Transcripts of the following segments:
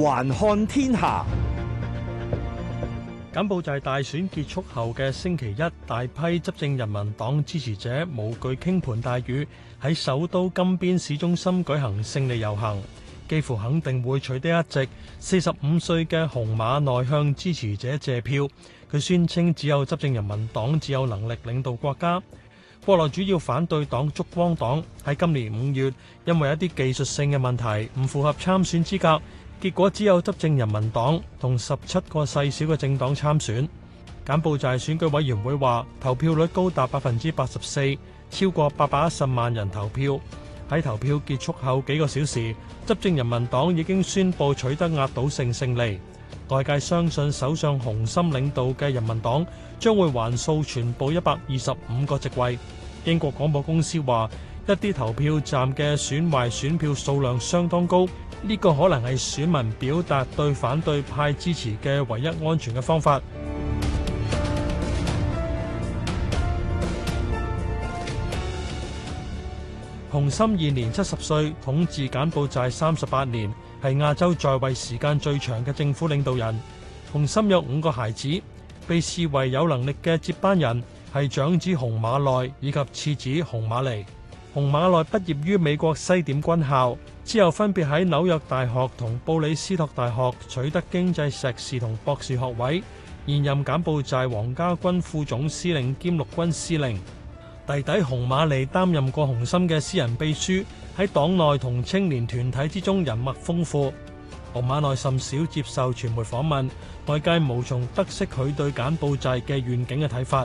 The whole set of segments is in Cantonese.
環看天下。柬埔寨大選結束後嘅星期一，大批執政人民黨支持者無懼傾盆大雨喺首都金邊市中心舉行勝利遊行，幾乎肯定會取得一席。四十五歲嘅洪瑪耐向支持者借票，佢宣稱只有執政人民黨只有能力領導國家。國內主要反對黨燭光黨喺今年五月因為一啲技術性嘅問題唔符合參選資格。結果只有執政人民黨同十七個細小嘅政黨參選。柬埔寨係選舉委員會話，投票率高達百分之八十四，超過八百一十萬人投票。喺投票結束後幾個小時，執政人民黨已經宣布取得壓倒性勝利。外界相信，首相洪森領導嘅人民黨將會橫掃全部一百二十五個席位。英國廣播公司話。一啲投票站嘅損壞選票數量相當高。呢、這個可能係選民表達對反對派支持嘅唯一安全嘅方法。 洪森二年七十歲，統治柬埔寨三十八年，係亞洲在位時間最長嘅政府領導人。洪森有五個孩子，被視為有能力嘅接班人，係長子洪瑪耐以及次子洪馬尼。紅馬內畢業於美國西點軍校，之後分別喺紐約大學同布里斯托大學取得經濟碩士同博士學位。現任柬埔寨皇家軍副總司令兼陸軍司令。弟弟洪瑪尼擔任過洪森嘅私人秘書，喺黨內同青年團體之中人脈豐富。洪瑪耐甚少接受傳媒訪問，外界無從得悉佢對柬埔寨嘅願景嘅睇法。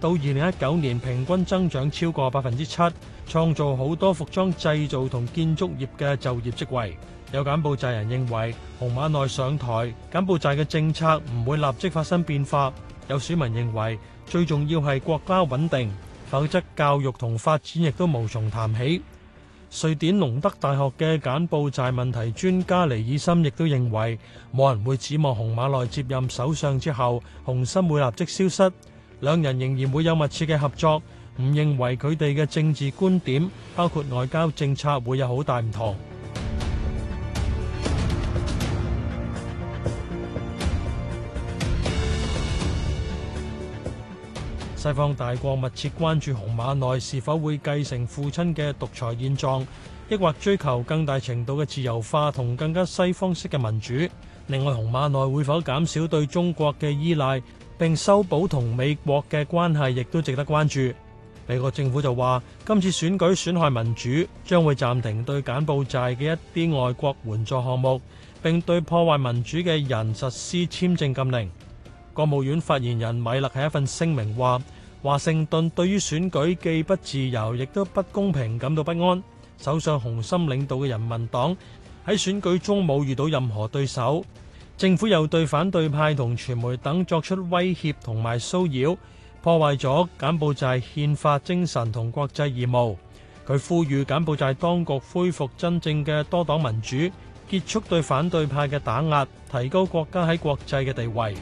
到二零一九年，平均增長超過百分之七，創造好多服裝製造同建築業嘅就業職位。有柬埔寨人認為，洪瑪耐上台，柬埔寨嘅政策唔會立即發生變化。有選民認為，最重要係國家穩定，否則教育同發展亦都無從談起。瑞典隆德大學嘅柬埔寨問題專家尼爾森亦都認為，冇人會指望洪瑪耐接任首相之後，洪森會立即消失。兩人仍然會有密切嘅合作，唔認為佢哋嘅政治觀點，包括外交政策，會有好大唔同。 西方大國密切關注洪瑪耐是否會繼承父親嘅獨裁現狀，抑或追求更大程度嘅自由化同更加西方式嘅民主。另外，洪瑪耐會否減少對中國嘅依賴？並修補同美國嘅關係，亦都值得關注。美國政府就話，今次選舉損害民主，將會暫停對柬埔寨嘅一啲外國援助項目，並對破壞民主嘅人實施簽證禁令。國務院發言人米勒係一份聲明話，華盛頓對於選舉既不自由，亦都不公平感到不安。首相洪森領導嘅人民黨喺選舉中冇遇到任何對手。政府又對反對派同傳媒等作出威脅同埋騷擾，破壞咗柬埔寨憲法精神同國際義務。佢呼籲柬埔寨當局恢復真正嘅多黨民主，結束對反對派嘅打壓，提高國家喺國際嘅地位。